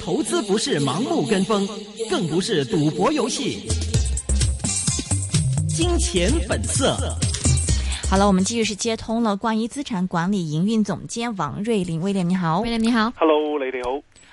投資不是盲目跟風，更不是賭博遊戲。金錢本色。好了，我們繼續是接通了，關於資產管理營運總監王瑞麟，威廉你好，威廉你好，Hello，你你好。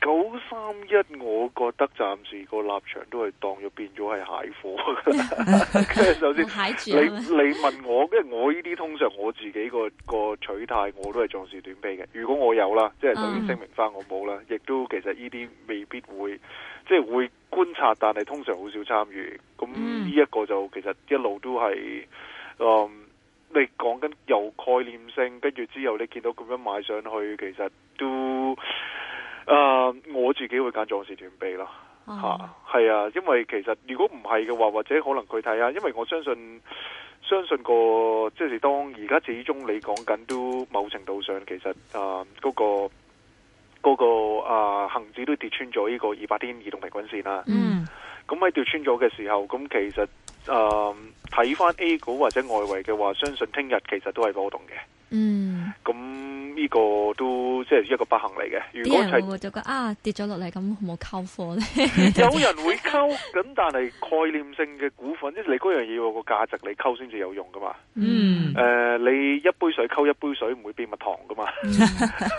九三一，我覺得暫時個立場都係當咗變咗係蟹貨， 首先你，你你問我，因為我呢啲通常我自己個個取態，我都係壯士斷臂嘅。如果我有啦，即係首先聲明翻我冇啦，亦、嗯、都其實呢啲未必會即係會觀察，但係通常好少參與。咁呢一個就其實一路都係、嗯，嗯，你講緊有概念性，跟住之後你見到咁樣買上去，其實都。誒、uh，我自己會揀壯士斷臂咯，吓、啊、係啊，啊，因為其實如果唔係嘅話，或者可能佢睇下。因為我相信，相信個即係當而家始終你講緊都某程度上，其實誒嗰、啊那個嗰、那個誒恒指都跌穿咗呢個二百天移動平均線啦。嗯，咁喺跌穿咗嘅時候，咁其實誒睇翻 A 股，或者外圍嘅話，相信聽日其實都係波動嘅。嗯，咁。呢、這個都即係一個不幸嚟嘅。如果就個啊跌咗落嚟，咁冇溝貨咧。有人會溝，咁但係概念性嘅股份，即 係你嗰樣嘢個價值，你溝先至有用噶嘛。嗯。誒、呃，你一杯水溝一杯水，唔會變蜜糖噶嘛。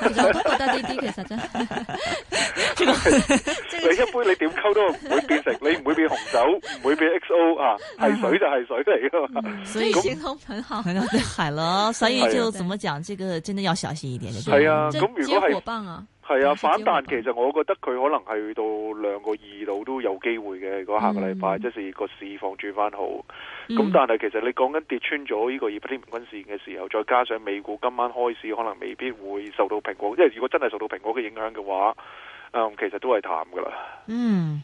我覺得呢啲其實真係。你一杯你點溝都唔會變成，你唔會變， 唔會變紅酒，唔會變 X O 啊，係水就係水嚟噶嘛。所以普好咯，所以就怎麼講，呢、這個真的要小心。係啊，咁如果係，係啊,啊，反彈其實我覺得佢可能係到兩個二度都有機會嘅。如果下個禮拜、嗯、即是個市況轉翻好，咁、嗯、但係其實你講緊跌穿咗呢個二八天平均線嘅時候，再加上美股今晚開市可能未必會受到蘋果，即係如果真係受到蘋果嘅影響嘅話，嗯，其實都係淡噶啦。嗯。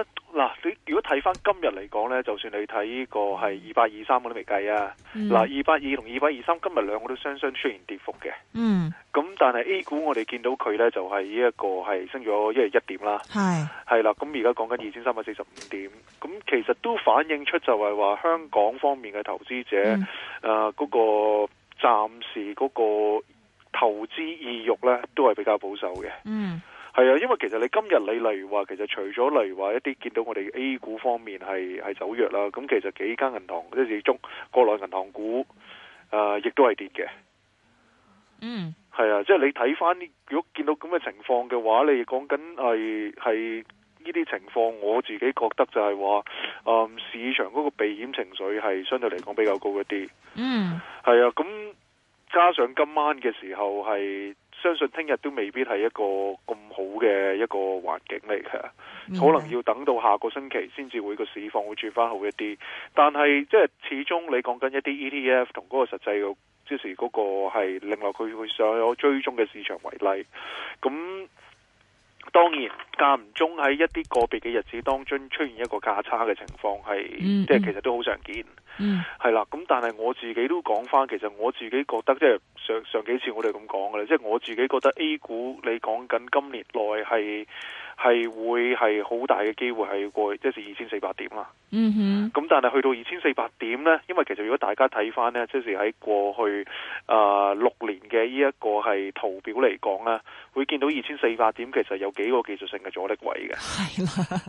睇翻今日嚟講呢，就算你睇呢個係二百二三我都未計啊！嗱、嗯，二百二同二百二三今日兩個都雙雙出現跌幅嘅。嗯，咁但係 A 股我哋見到佢呢，就係、是、呢一個係升咗一日一點啦。係係啦，咁而家講緊二千三百四十五點，咁其實都反映出就係話香港方面嘅投資者誒嗰、嗯呃嗰個暫時嗰個投資意欲呢，都係比較保守嘅。嗯。係啊，因為其實你今日你例如話，其實除咗例如話一啲見到我哋 A 股方面係係走弱啦，咁其實幾間銀行，即係中國內銀行股，誒、呃，亦都係跌嘅。嗯，係啊，即係你睇翻，如果見到咁嘅情況嘅話，你講緊係係呢啲情況，我自己覺得就係話，誒、嗯，市場嗰個避險情緒係相對嚟講比較高一啲。嗯，係啊，咁加上今晚嘅時候係。相信聽日都未必係一個咁好嘅一個環境嚟嘅，mm-hmm. 可能要等到下個星期先至會個市況會轉翻好一啲。但係即係始終你講緊一啲 ETF 同嗰個實際嘅，即時嗰個係另外佢會想有追蹤嘅市場為例，咁當然。間唔中喺一啲個別嘅日子當中出現一個價差嘅情況，係即係其實都好常見，係、mm-hmm. 啦。咁但係我自己都講翻，其實我自己覺得即係上上幾次我哋咁講嘅咧，即係我自己覺得 A 股你講緊今年內係係會係好大嘅機會係過即係二千四百點啦。咁、mm-hmm. 但係去到二千四百點呢，因為其實如果大家睇翻呢，即係喺過去啊、呃、六年嘅呢一個係圖表嚟講呢，會見到二千四百點其實有幾個技術性嘅。阻力位嘅，係啦，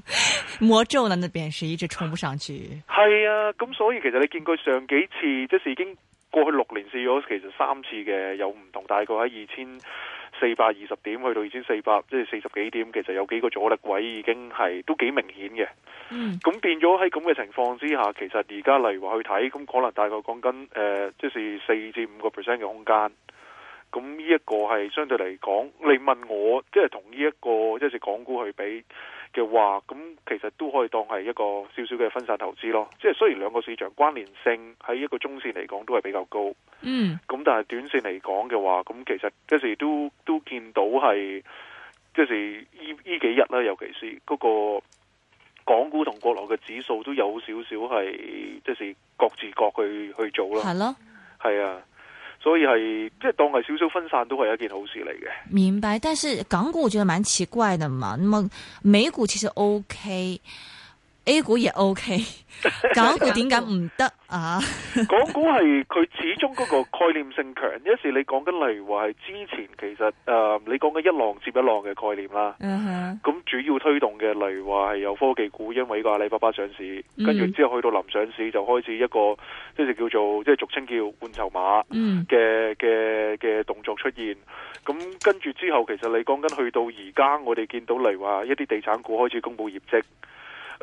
魔咒喺那邊，是一直衝唔上去。係啊，咁所以其實你見佢上幾次，即是已經過去六年試咗，其實三次嘅有唔同，大概喺二千四百二十點去到二千四百，即係四十幾點，其實有幾個阻力位已經係都幾明顯嘅。嗯，咁變咗喺咁嘅情況之下，其實而家例如話去睇，咁可能大概講緊誒，即、呃就是四至五個 percent 嘅空間。咁呢一個係相對嚟講，你問我即係同呢一個即係港股去比嘅話，咁其實都可以當係一個少少嘅分散投資咯。即係雖然兩個市場關聯性喺一個中線嚟講都係比較高，嗯，咁但係短線嚟講嘅話，咁其實即時都都見到係即係呢呢幾日啦、啊，尤其是嗰個港股同國內嘅指數都有少少係即係各自各去去做咯，係咯，係啊。所以係即係當係少少分散都係一件好事嚟嘅。明白，但係港股我覺得蠻奇怪嘅嘛。那麼美股其實 OK。A 股亦 OK，港股點解唔得啊？港股係佢始終嗰個概念性強，一 時你講緊例如話係之前其實誒，uh, 你講緊一浪接一浪嘅概念啦。咁、uh-huh. 主要推動嘅例如話係由科技股，因為呢個阿里巴巴上市，跟住之後去到臨上市就開始一個即係、mm. 叫做即係俗稱叫換籌碼嘅嘅嘅動作出現。咁跟住之後，其實你講緊去到而家，我哋見到例如話一啲地產股開始公布業績。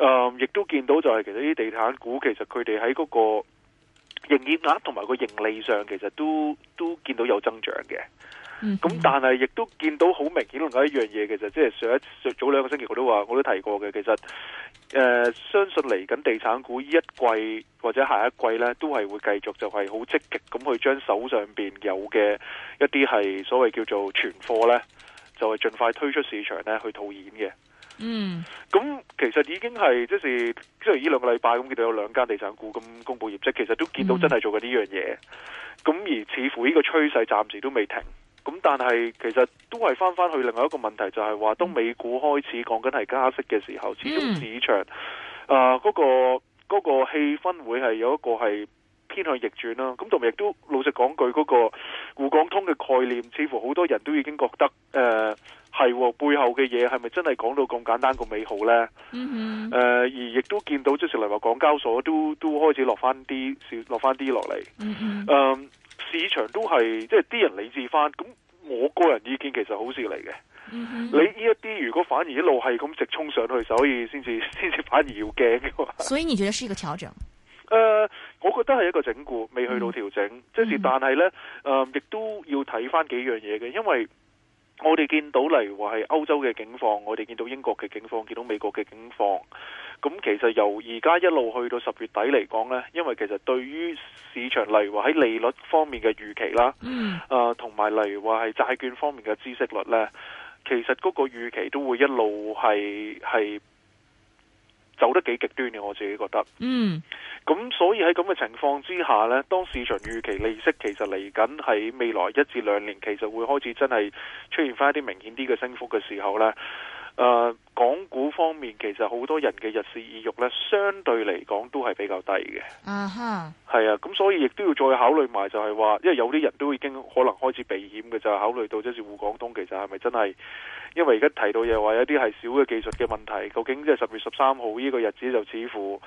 誒、嗯，亦都見到就係其實啲地產股其實佢哋喺嗰個營業額同埋個盈利上其實都都見到有增長嘅。咁、mm-hmm. 嗯嗯、但係亦都見到好明顯另外一樣嘢其實即係上一上早兩個星期我都話我都提過嘅，其實、呃、相信嚟緊地產股呢一季或者下一季呢，都係會繼續就係好積極咁去將手上邊有嘅一啲係所謂叫做存貨呢，就係、是、盡快推出市場呢，去套現嘅。嗯，咁其實已經係即係，即係呢兩個禮拜咁，佢哋有兩間地產股咁公布業績，其實都見到真係做緊呢樣嘢。咁、嗯、而似乎呢個趨勢暫時都未停，咁但係其實都係返返去另外一個問題，就係、是、話當美股開始講緊係加息嘅時候，嗯、始終市場嗰、嗯呃那個嗰、那個氣氛會係有一個係偏向逆轉啦。咁同埋亦都老實講句，嗰、那個滬港通嘅概念，似乎好多人都已經覺得誒。呃係、哦、背後嘅嘢係咪真係講到咁簡單咁美好呢？誒、mm-hmm. 呃，而亦都見到即係成日話港交所都都開始落翻啲落翻啲落嚟。市場都係即係啲人理智翻。咁我個人意見其實好事嚟嘅。Mm-hmm. 你呢一啲如果反而一路係咁直衝上去，所以先至先至反而要驚。所以你覺得是一個調整？誒、呃，我覺得係一個整固，未去到調整。Mm-hmm. 即是但係呢，誒、呃，亦都要睇翻幾樣嘢嘅，因為。我哋見到例如話係歐洲嘅境況，我哋見到英國嘅境況，見到美國嘅境況。咁其實由而家一路去到十月底嚟講呢，因為其實對於市場例如話喺利率方面嘅預期啦，嗯，啊，同埋例如話係債券方面嘅孳息率呢，其實嗰個預期都會一路係係走得幾極端嘅，我自己覺得。嗯，咁所以喺咁嘅情況之下呢，當市場預期利息其實嚟緊喺未來一至兩年，其實會開始真係出現翻一啲明顯啲嘅升幅嘅時候呢。誒、uh，港股方面其實好多人嘅入市意欲呢，相對嚟講都係比較低嘅。嗯、uh-huh. 係啊，咁所以亦都要再考慮埋，就係話，因為有啲人都已經可能開始避險嘅，就是，考慮到即是滬港通，其實係咪真係？因為而家提到嘢，話，有啲係少嘅技術嘅問題，究竟即係十月十三號呢個日子就似乎，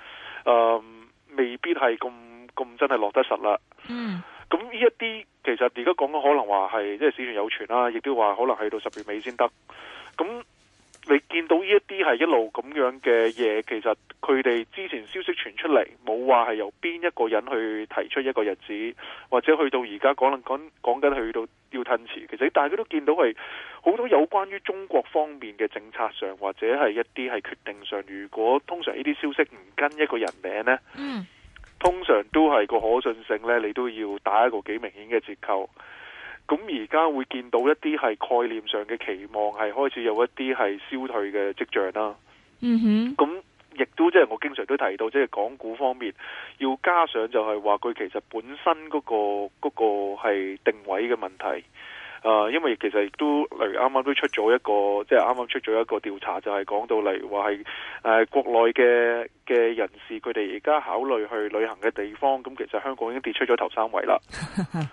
呃、未必係咁咁真係落得實啦。嗯、uh-huh.，咁呢一啲其實而家講緊可能話係，即係市場有傳啦，啊，亦都話可能係到十月尾先得。咁你見到呢一啲係一路咁樣嘅嘢，其實佢哋之前消息傳出嚟，冇話係由邊一個人去提出一個日子，或者去到而家講緊去到要褪遲。其實大家都見到係好多有關於中國方面嘅政策上，或者係一啲係決定上。如果通常呢啲消息唔跟一個人名呢，通常都係個可信性呢，你都要打一個幾明顯嘅折扣。咁而家會見到一啲係概念上嘅期望係開始有一啲係消退嘅跡象啦、啊。嗯哼，咁亦都即係我經常都提到，即係港股方面要加上就係話佢其實本身嗰個、嗰個係定位嘅問題。啊、呃，因為其實亦都例如啱啱都出咗一個，即係啱啱出咗一個調查，就係、是、講到例如話係誒國內嘅嘅人士，佢哋而家考慮去旅行嘅地方，咁其實香港已經跌出咗頭三位啦。係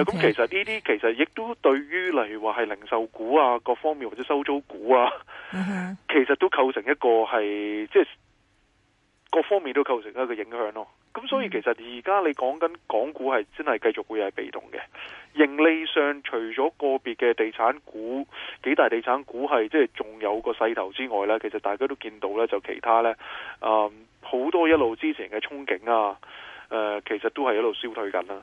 啊，咁、okay. 其實呢啲其實亦都對於例如話係零售股啊，各方面或者收租股啊， 其實都構成一個係即係。就是各方面都構成一個影響咯，咁所以其實而家你講緊港股係真係繼續會係被動嘅，盈利上除咗個別嘅地產股、幾大地產股係即係仲有個勢頭之外呢，其實大家都見到呢，就其他呢，嗯、好多一路之前嘅憧憬啊，呃、其實都係一路消退緊啦。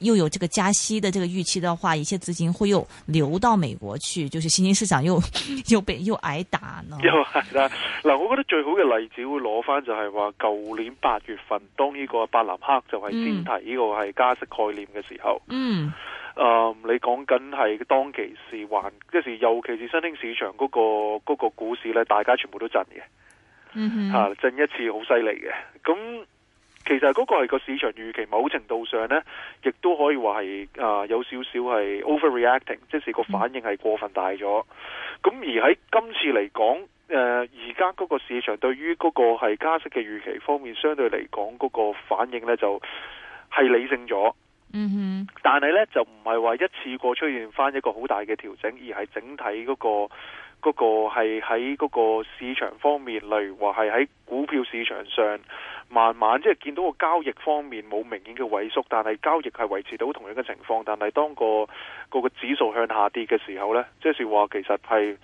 又有這個加息的這個預期的話，一些資金會又流到美國去，就是新興市場又又被又挨打呢。又挨打嗱，我覺得最好嘅例子會攞返就係話，舊年八月份當呢個伯南克就係先提呢個係加息概念嘅時候。嗯。誒、嗯嗯，你講緊係當其時還，即是尤其是新興市場嗰，那個嗰，那個股市咧，大家全部都震嘅。嗯。吓，震一次好犀利嘅，咁。其實嗰個係個市場預期，某程度上呢，亦都可以話係、呃、有少少係 overreacting，即係個反應係過分大咗。咁而喺今次嚟講，誒而家嗰個市場對於嗰個係加息嘅預期方面，相對嚟講嗰個反應呢就係、係、理性咗。Mm-hmm. 但係呢，就唔係話一次過出現翻一個好大嘅調整，而係整體嗰、嗰個嗰、嗰個係喺嗰個市場方面，例如話係喺股票市場上。慢慢即係見到個交易方面冇明顯嘅萎縮，但係交易係維持到同樣嘅情況。但係當個，個個指數向下跌嘅時候咧，即是話其實係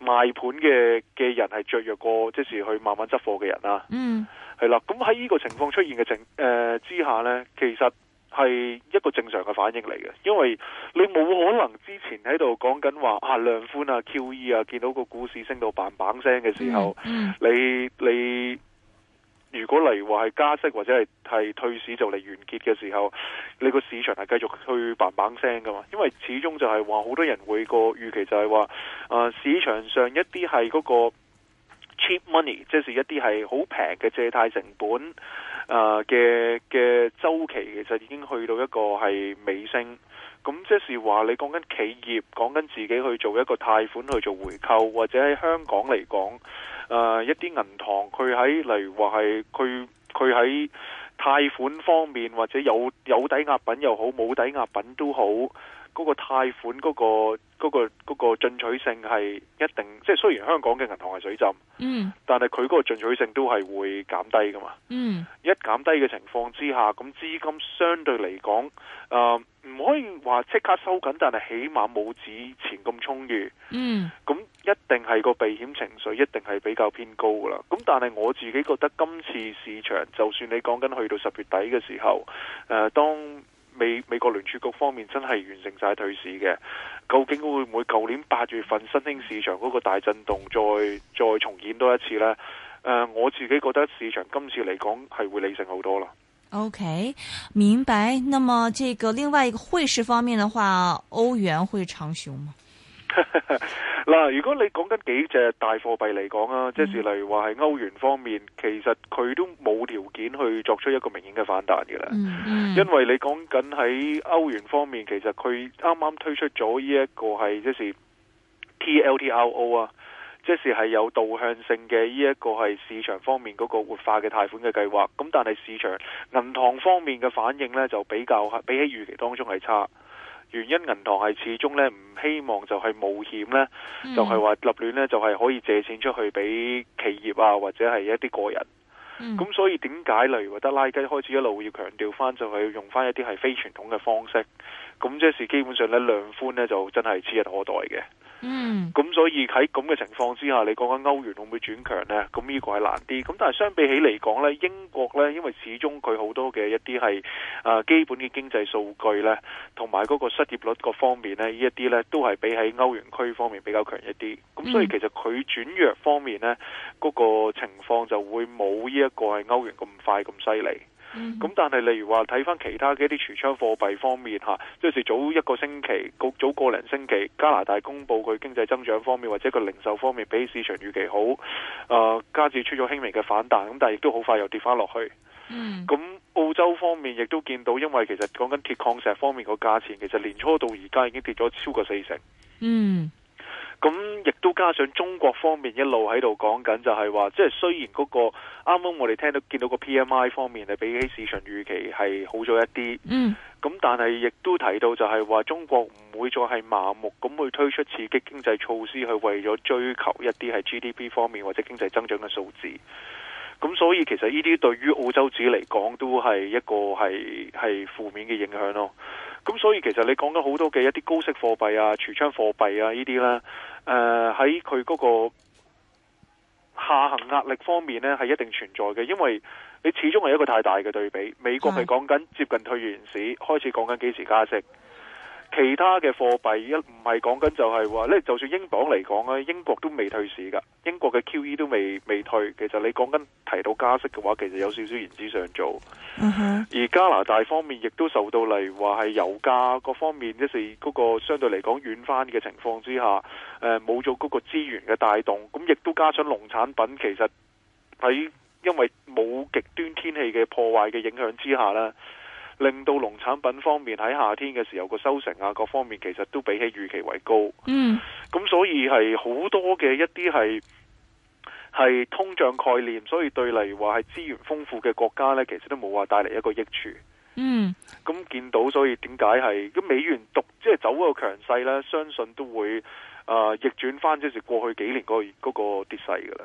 賣盤嘅嘅人係削弱過，即是去慢慢執貨嘅人啦。嗯，係啦。咁喺呢個情況出現嘅情誒之下咧，其實係一個正常嘅反應嚟嘅，因為你冇可能之前喺度講緊話啊量寬啊 QE 啊，見到個股市升到 bang bang 聲嘅時候，嗯，你、嗯、你。你如果嚟話係加息或者係係退市就嚟完結嘅時候，你個市場係繼續去棒棒聲㗎嘛？因為始終就係話好多人會個預期就係話，啊市場上一啲係嗰個 cheap money，即係一啲係好平嘅借貸成本，啊嘅嘅週期其實已經去到一個係尾聲。咁即是話你講緊企業，講緊自己去做一個貸款去做回購，或者喺香港嚟講，誒、呃，一啲銀行佢喺，例如話係佢佢喺貸款方面，或者有有抵押品又好，冇抵押品都好。嗰個貸款嗰個嗰個嗰個進取性係一定，即係雖然香港嘅銀行係水浸，嗯、mm.，但係佢嗰個進取性都係會減低噶嘛，嗯、mm.，一減低嘅情況之下，咁資金相對嚟講，誒、呃，唔可以話即刻收緊，但係起碼冇之前咁充裕，嗯，咁一定係個避險情緒，一定係比較偏高噶啦。咁但係我自己覺得今次市場，就算你講緊去到十月底嘅時候，誒、呃，當。美美國聯儲局方面真係完成晒退市嘅，究竟會唔會舊年八月份新興市場嗰個大震動再再重演多一次呢？誒、呃，我自己覺得市場今次嚟講係會理性好多啦。OK，明白。那麼這個另外一個匯市方面的話，歐元會長熊嗎？嗱， 如果你講緊幾隻大貨幣嚟講啊，即是例如話係歐元方面，其實佢都冇條件去作出一個明顯嘅反彈嘅啦。Mm-hmm. 因為你講緊喺歐元方面，其實佢啱啱推出咗呢一個係即是 TLTRO 啊，即是係有導向性嘅呢一個係市場方面嗰個活化嘅貸款嘅計劃。咁但係市場銀行方面嘅反應呢，就比較比起預期當中係差。原因銀行係始終咧唔希望就係冒險咧、嗯，就係、是、話立亂咧就係、是、可以借錢出去俾企業啊或者係一啲個人。咁、嗯、所以點解例如話德拉吉開始一路要強調翻就係要用翻一啲係非傳統嘅方式？咁即是基本上咧量寬咧就真係指日可待嘅。嗯，咁所以喺咁嘅情況之下，你講緊歐元會唔會轉強呢？咁呢個係難啲。咁但係相比起嚟講呢，英國呢，因為始終佢好多嘅一啲係誒基本嘅經濟數據呢，同埋嗰個失業率嗰方面呢，呢一啲呢都係比喺歐元區方面比較強一啲。咁所以其實佢轉弱方面呢，嗰個情況就會冇呢一個係歐元咁快咁犀利。咁、mm-hmm. 但係例如話睇翻其他嘅一啲商品貨幣方面吓，即、啊就是早一個星期，早個零星期，加拿大公布佢經濟增長方面或者佢零售方面比市場預期好，誒、呃，加至出咗輕微嘅反彈，咁但係亦都好快又跌翻落去。咁、mm-hmm. 嗯、澳洲方面亦都見到，因為其實講緊鐵礦石方面個價錢，其實年初到而家已經跌咗超過四成。嗯、mm-hmm.。咁亦都加上中國方面一路喺度講緊，就係話，即係雖然嗰個啱啱我哋聽到見到個 P M I 方面係比起市場預期係好咗一啲，嗯，咁但係亦都提到就係話，中國唔會再係麻木咁去推出刺激經濟措施，去為咗追求一啲係 G D P 方面或者經濟增長嘅數字。咁所以其實呢啲對於澳洲紙嚟講，都係一個係係負面嘅影響咯。咁所以其實你講緊好多嘅一啲高息貨幣啊、櫥窗貨幣啊呢啲咧。誒、呃，喺佢嗰個下行壓力方面呢，係一定存在嘅，因為你始終係一個太大嘅對比。美國係講緊接近退完市，開始講緊幾時加息。其他嘅貨幣一唔係講緊就係話咧，就算英鎊嚟講咧，英國都未退市㗎，英國嘅 QE 都未未退。其實你講緊提到加息嘅話，其實有少少言之尚早。Mm-hmm. 而加拿大方面亦都受到例如話係油價各方面，即是嗰個相對嚟講軟翻嘅情況之下，誒冇咗嗰個資源嘅帶動，咁亦都加上農產品其實喺因為冇極端天氣嘅破壞嘅影響之下呢。令到農產品方面喺夏天嘅時候個收成啊，各方面其實都比起預期為高。嗯，咁所以係好多嘅一啲係係通脹概念，所以對例如話係資源豐富嘅國家呢，其實都冇話帶嚟一個益處。嗯，咁見到所以點解係咁美元獨即係走個強勢呢？相信都會啊、呃、逆轉翻即係過去幾年嗰、嗰個嗰個跌勢㗎啦。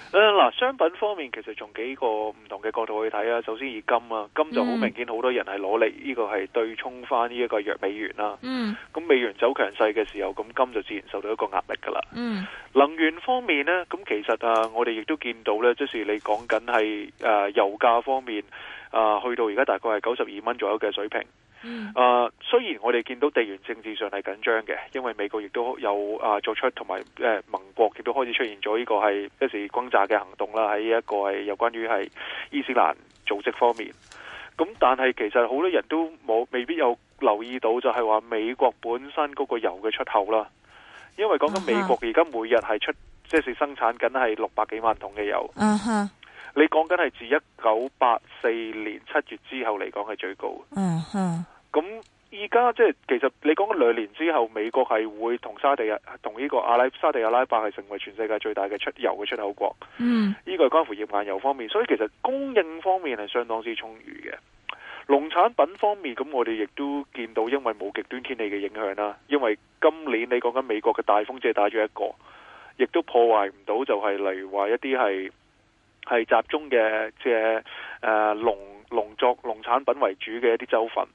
嗱、啊，商品方面其實從幾個唔同嘅角度去睇啊。首先，以金啊，金就好明顯，好多人係攞嚟呢個係對沖返呢一個弱美元啦。嗯，咁、這個這個美、啊嗯、美元走強勢嘅時候，咁金就自然受到一個壓力㗎喇。嗯，能源方面呢，咁其實啊，我哋亦都見到呢，即、即係你講緊係誒油價方面啊、呃，去到而家大概係九十二蚊左右嘅水平。嗯、呃，雖然我哋見到地緣政治上係緊張嘅，因為美國亦都有誒作、呃、出，同埋誒盟國亦都開始出現咗呢個係一時轟炸嘅行動啦，喺一個係有關於係伊斯蘭組織方面。咁、嗯、但係其實好多人都冇未必有留意到，就係話美國本身嗰個油嘅出口啦，因為講緊美國而家每日係出即係、就係、生產緊係六百幾萬桶嘅油。嗯你講緊係自一九八四年七月之後嚟講係最高。嗯，咁而家即係其實你講兩年之後，美國係會同沙地亞同呢個阿拉沙地阿拉伯係成為全世界最大嘅出油嘅出口國，嗯。呢個係關乎頁岩油方面，所以其實供應方面係相當之充裕嘅。農產品方面，咁我哋亦都見到，因為冇極端天氣嘅影響啦。因為今年你講緊美國嘅大風只係打咗一個，亦都破壞唔到就係例如話一啲係。係集中嘅即係誒農農作農產品為主嘅一啲州份，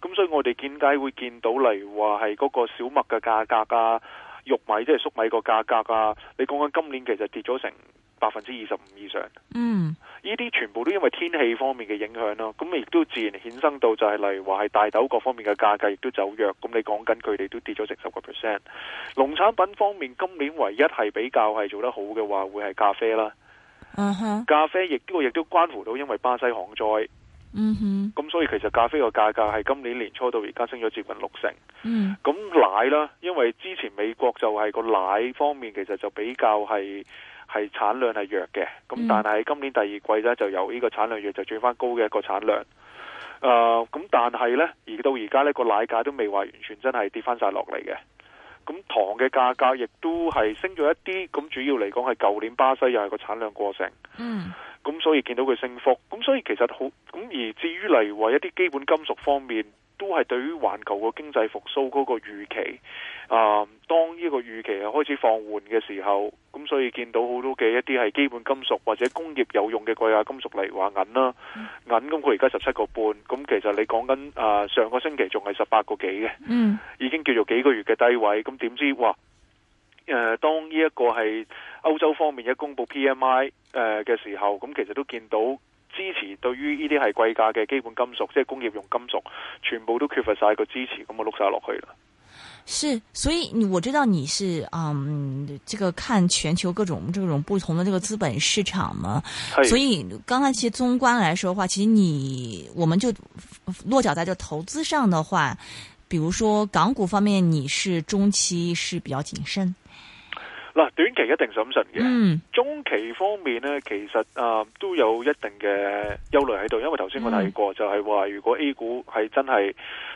咁所以我哋見解會見到例如話係嗰個小麥嘅價格啊，玉米即係、就是、粟米個價格啊，你講緊今年其實跌咗成百分之二十五以上，嗯，呢啲全部都因為天氣方面嘅影響囉，咁亦都自然衍生到就係例如話係大豆各方面嘅價格亦都走弱，咁你講緊佢哋都跌咗成十個 percent，農產品方面今年唯一係比較係做得好嘅話，會係咖啡啦。Uh-huh. 咖啡亦都亦都關乎到，因為巴西旱災。嗯、mm-hmm. 咁所以其實咖啡個價格係今年年初到而家升咗接近六成。嗯，咁奶啦，因為之前美國就係個奶方面其實就比較係係產量係弱嘅，咁但係今年第二季呢，就由呢個產量弱就轉翻高嘅一個產量。誒、呃，咁但係呢，而到而家呢個奶價都未話完全真係跌翻晒落嚟嘅。咁糖嘅價格亦都係升咗一啲，咁主要嚟講係舊年巴西又係個產量過剩，嗯，咁所以見到佢升幅，咁所以其實好，咁而至於例如話一啲基本金屬方面，都係對於環球的經濟復甦的個經濟復甦嗰個預期，啊，當呢個預期開始放緩嘅時候，咁所以見到好多嘅一啲係基本金屬或者工業有用嘅貴價金屬例如話銀啦，銀，咁佢而家十七個半，咁其實你講緊誒上個星期仲係十八個幾嘅，嗯，已經叫做幾個月嘅低位，咁點知哇？誒，當呢一個係歐洲方面一公布 PMI 誒嘅時候，咁其實都見到。支持對於呢啲係貴價嘅基本金屬，即係工業用金屬，全部都缺乏晒個支持，咁我碌晒落去啦。是，所以我知道你是嗯，這個看全球各種這種不同的這個資本市場嘛。所以剛才其實綜觀來說的話，其實你我們就落腳在就投資上的話，比如說港股方面，你是中期是比較謹慎。嗱，短期一定審慎嘅，中期方面呢，其實啊、呃、都有一定嘅憂慮喺度，因為頭先我提過，嗯、就係、是、話如果 A 股係真係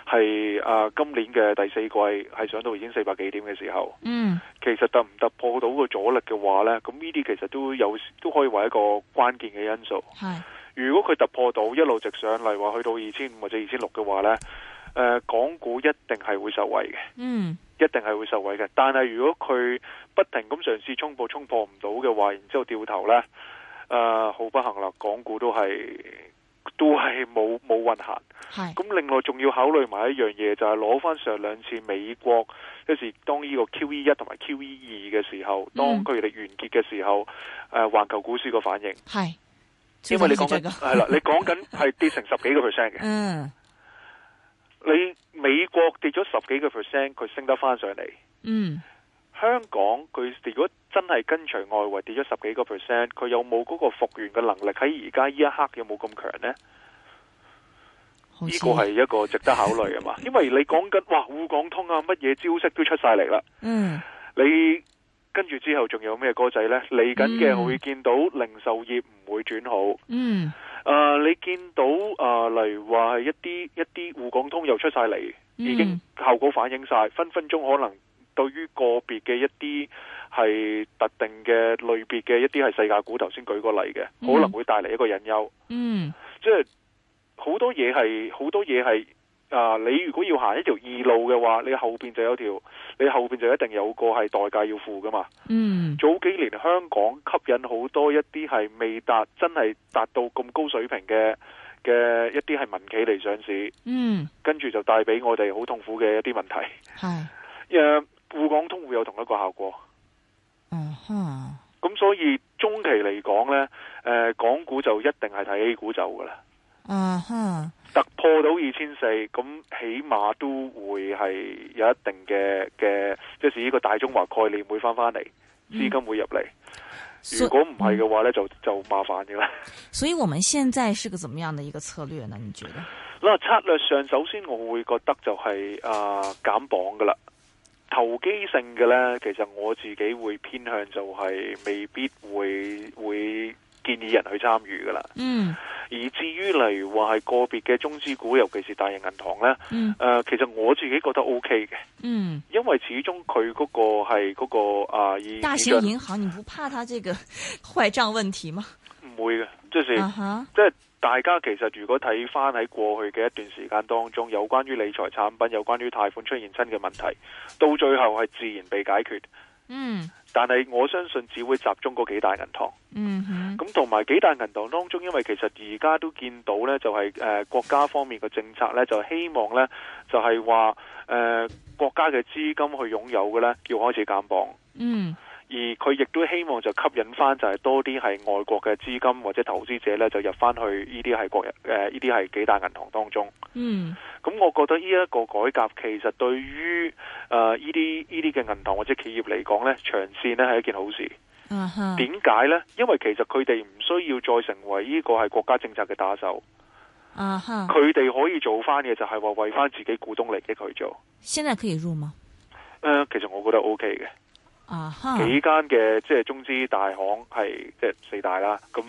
係啊今年嘅第四季係上到已經四百幾點嘅時候，嗯，其實突唔突破到個阻力嘅話呢，咁呢啲其實都有都可以話一個關鍵嘅因素。係，如果佢突破到一路直上，例如話去到二千五或者二千六嘅話呢。誒、呃，港股一定係會受惠嘅，嗯，一定係會受惠嘅。但係如果佢不停咁嘗試衝破，衝破唔到嘅話，然之後掉頭呢，誒，好、呃、不幸啦，港股都係都係冇冇運行。係。咁另外仲要考慮埋一樣嘢，就係攞翻上兩次美國，即、就係當呢個 QE 一同埋 QE 二嘅時候，嗯、當佢哋完結嘅時候、呃，環球股市個反應係。因為你講緊係啦， 你講緊係跌成十幾個 percent 嘅。嗯。你美國跌咗十幾個 percent，佢升得翻上嚟。嗯，香港佢如果真係跟隨外圍跌咗十幾個 percent，佢有冇嗰個復原嘅能力？喺而家呢一刻有冇咁強呢？呢、呢個係一個值得考慮啊嘛。 因為你講緊哇滬港通啊，乜嘢招式都出晒嚟啦。嗯，你跟住之後仲有咩歌仔呢？嚟緊嘅會見到零售業唔會轉好。嗯。啊、呃！你見到啊、呃，例如話一啲一啲滬港通又出晒嚟，已經效果反映晒。分分鐘可能對於個別嘅一啲係特定嘅類別嘅一啲係世界股頭先舉個例嘅，可能會帶嚟一個隱憂。嗯，即係好多嘢係好多嘢係。啊！你如果要行一條二路嘅話，你後邊就有條，你後邊就一定有個係代價要付噶嘛。嗯。早幾年香港吸引好多一啲係未達真係達到咁高水平嘅嘅一啲係民企嚟上市。嗯、mm.。跟住就帶俾我哋好痛苦嘅一啲問題。係。誒，滬港通會有同一個效果。嗯哼。咁所以中期嚟講咧，誒、啊，港股就一定係睇 A 股走噶啦。嗯哼。突破到二千四，咁起碼都會係有一定嘅嘅，即係呢個大中華概念會翻翻嚟，資金會入嚟、嗯。如果唔係嘅話呢、嗯，就就麻煩嘅啦。所以，我們現在是個怎麼樣的一個策略呢？你覺得？嗱，策略上，首先我會覺得就係、是、啊、呃、減磅噶啦，投機性嘅呢，其實我自己會偏向就係未必會會。建議人去參與㗎喇，嗯，而至於例如話係個別嘅中資股，尤其是大型銀行咧，誒、嗯呃，其實我自己覺得 O K 嘅，嗯，因為始終佢嗰個係嗰、那個啊、呃，大型銀行、啊，你唔怕他這個壞賬問題嗎？唔會嘅，即、就是，即、uh-huh. 係大家其實如果睇翻喺過去嘅一段時間當中，有關於理財產品、有關於貸款出現新嘅問題，到最後係自然被解決。嗯，但係我相信只會集中嗰幾大銀行。嗯，咁同埋幾大銀行當中，因為其實而家都見到呢，就係誒國家方面嘅政策呢，就希望呢，就係話誒國家嘅資金去擁有嘅呢，要開始減磅。嗯。而佢亦都希望就吸引翻就係多啲係外國嘅資金或者投資者咧，就入翻去呢啲係國誒呢啲係幾大銀行當中。嗯，咁、嗯、我覺得呢一個改革其實對於誒呢啲呢啲嘅銀行或者企業嚟講咧，長線咧係一件好事。嗯、啊、哼，點解咧？因為其實佢哋唔需要再成為呢個係國家政策嘅打手。佢、啊、哋可以做翻嘅就係話為翻自己股東利益去做。現在可以入嗎？誒、呃，其實我覺得 OK 嘅。啊、uh-huh.！幾間嘅即係中資大行係即係四大啦。咁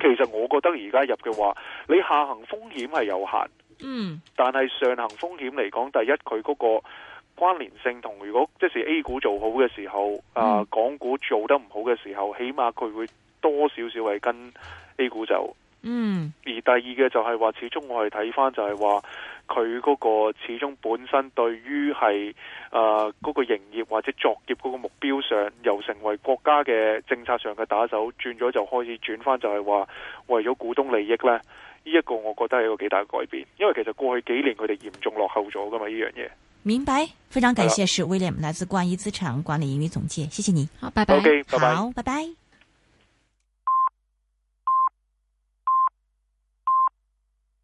其實我覺得而家入嘅話，你下行風險係有限。嗯、mm.。但係上行風險嚟講，第一佢嗰個關聯性同如果即係、就是、A 股做好嘅時候，mm. 啊港股做得唔好嘅時候，起碼佢會多少少係跟 A 股走。嗯、mm.。而第二嘅就係話，始終我係睇返就係話。佢嗰個始終本身對於係誒嗰個營業或者作業嗰個目標上，又成為國家嘅政策上嘅打手，轉咗就開始轉翻就係話為咗股東利益咧，呢、這、一個我覺得係一個幾大改變，因為其實過去幾年佢哋嚴重落後咗噶嘛呢樣嘢。明白，非常感謝 William 來自冠益資產管理營運總監，謝謝你。好，拜拜。Okay, bye bye。好，拜拜。好，拜拜。